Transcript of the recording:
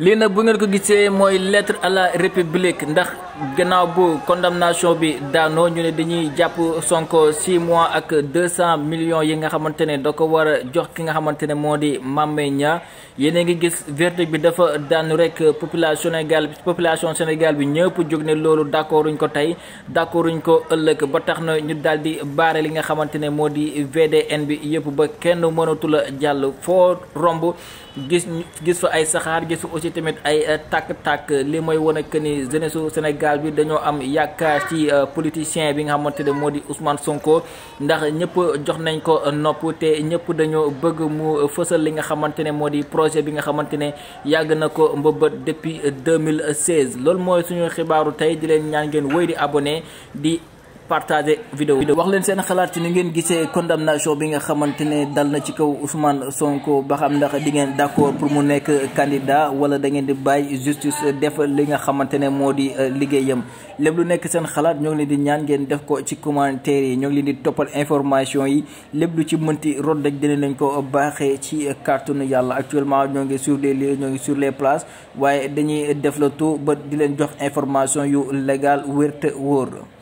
lii nag bu ngeen ko gisee mooy lettre à la république ndax gannaaw bu condamnation bi daanoo ñu ne dañuy jàpp Sonko six mois ak deux cent millions yi nga xamante ne da ko war a jox ki nga xamante ne moo di Mame Mbaye Niang yéen a ngi gis verdict bi dafa daanu rek population Sénégal population Sénégal bi ñëpp jóg ne loolu d'accorduñ ko tey d'accorduñ ko ëllëg ba tax na ñu daal di baare li nga xamante ne moo di VDN bi yëpp ba kenn mënatul a jàll foo romb gis gis fa ay saxaar gis fa aussi ci tamit ay eh, tàkk-tàkk li mooy wane que ni jeunesse su Sénégal bi dañoo am yaakaar ci eh, politicien bi nga xamante ne moo di Ousmane Sonko ndax ñëpp jox nañ ko nopp te ñëpp dañoo bëgg mu fësal li nga xamante ne moo di projet bi nga xamante ne yàgg na ko mbëbët depuis 2016 loolu mooy suñu xibaaru tey di leen ñaan ngeen wéy di abonné di. partagé vidéo bi wax leen seen xalaat ci ni ngeen gisee condamnation bi nga xamante ne dal na ci kaw Ousmane Sonko ba xam ndax di ngeen d'accord pour mu nekk candidat wala da ngeen di bàyyi justice def li nga xamante ne moo di euh, liggéeyam lépp lu nekk seen xalaat ñoo ngi leen di ñaan ngeen def ko ci commentaire yi ñoo ngi leen di toppal information yi lépp lu ci mënti rod rek dina nañ ko baaxee ci cartoon yàlla actuellement ñoo ngi sur les lieux ñoo ngi sur les places waaye dañuy def ba di leen jox information yu légal wér te wóor